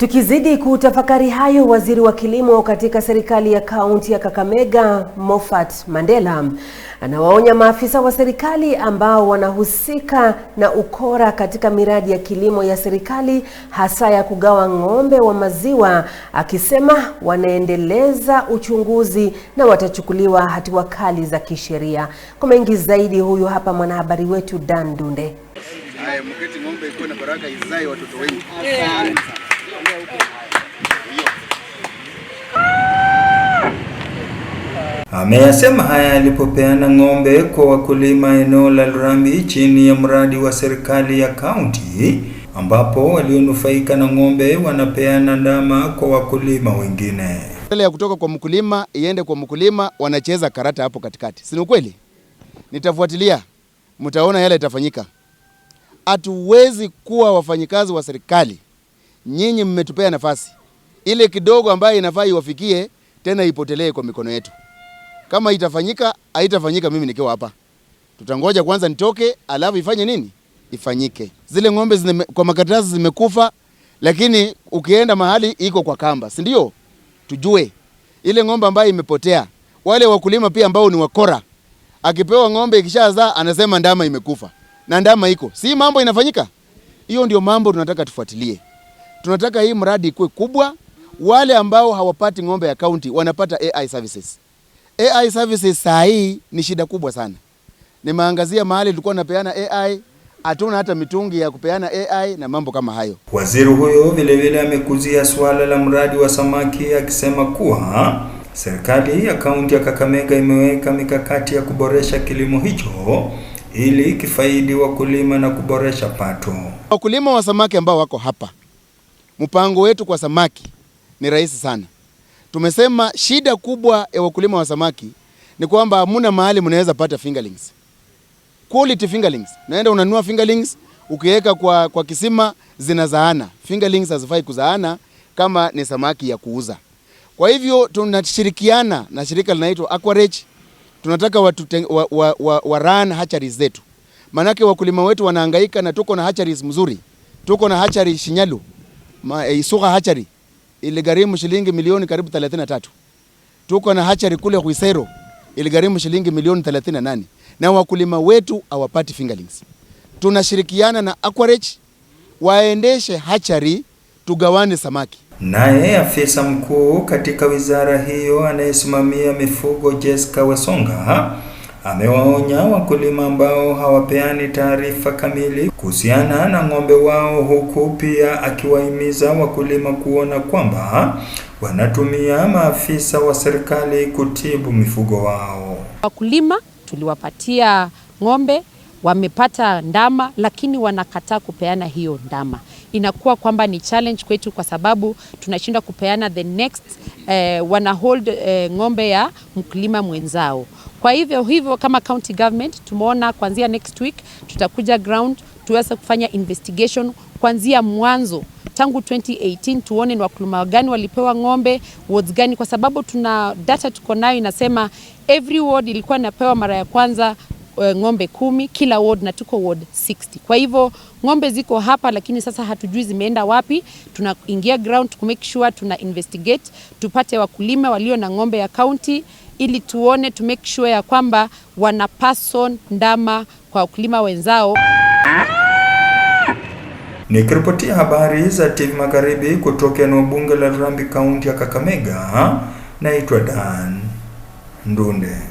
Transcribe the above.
Tukizidi kutafakari hayo, waziri wa kilimo katika serikali ya kaunti ya Kakamega Moffat Mandela anawaonya maafisa wa serikali ambao wanahusika na ukora katika miradi ya kilimo ya serikali hasa ya kugawa ng'ombe wa maziwa, akisema wanaendeleza uchunguzi na watachukuliwa hatua kali za kisheria. Kwa mengi zaidi, huyu hapa mwanahabari wetu Dan Dunde. Ay, Ameyasema haya alipopeana ng'ombe kwa wakulima eneo la Lurambi chini ya mradi wa serikali ya kaunti ambapo walionufaika na ng'ombe wanapeana ndama kwa wakulima wengine. Ile ya kutoka kwa mkulima iende kwa mkulima, wanacheza karata hapo katikati, si kweli? Nitafuatilia, mtaona yale yatafanyika. Hatuwezi kuwa wafanyikazi wa serikali nyinyi mmetupea nafasi ile kidogo ambayo inafaa iwafikie, tena ipotelee kwa mikono yetu. Kama itafanyika haitafanyika, mimi nikiwa hapa, tutangoja kwanza nitoke, alafu ifanye nini, ifanyike. Zile ng'ombe zine, kwa makaratasi zimekufa, lakini ukienda mahali iko kwa kamba, si ndio? Tujue ile ng'ombe ambayo imepotea. Wale wakulima pia ambao ni wakora, akipewa ng'ombe ikishazaa anasema ndama imekufa na ndama iko, si mambo inafanyika. Hiyo ndio mambo tunataka tufuatilie tunataka hii mradi ikuwe kubwa. Wale ambao hawapati ng'ombe ya kaunti wanapata AI services. AI services saa hii ni shida kubwa sana. Nimeangazia mahali tulikuwa tunapeana AI, hatuna hata mitungi ya kupeana AI na mambo kama hayo. Waziri huyo vilevile amekuzia suala la mradi wa samaki akisema kuwa serikali ya kaunti ya Kakamega imeweka mikakati ya kuboresha kilimo hicho ili kifaidi wakulima na kuboresha pato. Wakulima wa samaki ambao wako hapa mpango wetu kwa samaki ni rahisi sana. Tumesema shida kubwa ya wakulima wa samaki ni kwamba hamuna mahali mnaweza pata fingerlings. Quality fingerlings. Naenda unanua fingerlings ukiweka kwa, kwa kisima zinazaana. Fingerlings hazifai kuzaana kama ni samaki ya kuuza. Kwa hivyo tunashirikiana na shirika linaloitwa Aquarage. Tunataka watu wa, wa, wa, wa run hatcheries zetu. Manake wakulima wetu wanahangaika na tuko na hatcheries mzuri. Tuko na hatchery Shinyalu. Eh, Isugha hachari iligharimu shilingi milioni karibu 33. Tuko na hachari kule Huisero iligharimu shilingi milioni 38, na wakulima wetu hawapati fingerlings. Tunashirikiana na Aquarage waendeshe hachari tugawane samaki. Naye afisa mkuu katika wizara hiyo anayesimamia mifugo Jessica Wasonga amewaonya wakulima ambao hawapeani taarifa kamili kuhusiana na ng'ombe wao, huku pia akiwahimiza wakulima kuona kwamba wanatumia maafisa wa serikali kutibu mifugo wao. Wakulima tuliwapatia ng'ombe wamepata ndama, lakini wanakataa kupeana hiyo ndama. Inakuwa kwamba ni challenge kwetu, kwa sababu tunashindwa kupeana the next eh, wana eh, ng'ombe ya mkulima mwenzao. Kwa hivyo hivyo, kama county government tumeona kuanzia next week tutakuja ground tuweze kufanya investigation kuanzia mwanzo tangu 2018 tuone ni wakulima gani walipewa ng'ombe wards gani, kwa sababu tuna data tuko nayo inasema every ward ilikuwa inapewa mara ya kwanza eh, ng'ombe kumi kila ward na tuko ward 60. Kwa hivyo ng'ombe ziko hapa, lakini sasa hatujui zimeenda wapi. Tunaingia ground to make sure tuna investigate tupate wakulima walio na ng'ombe ya county ili tuone to make sure ya kwamba wana person ndama kwa wakulima wenzao. Nikiripotia habari za TV Magharibi kutoka eneo bunge la Rambi, kaunti ya Kakamega, naitwa Dan Ndunde.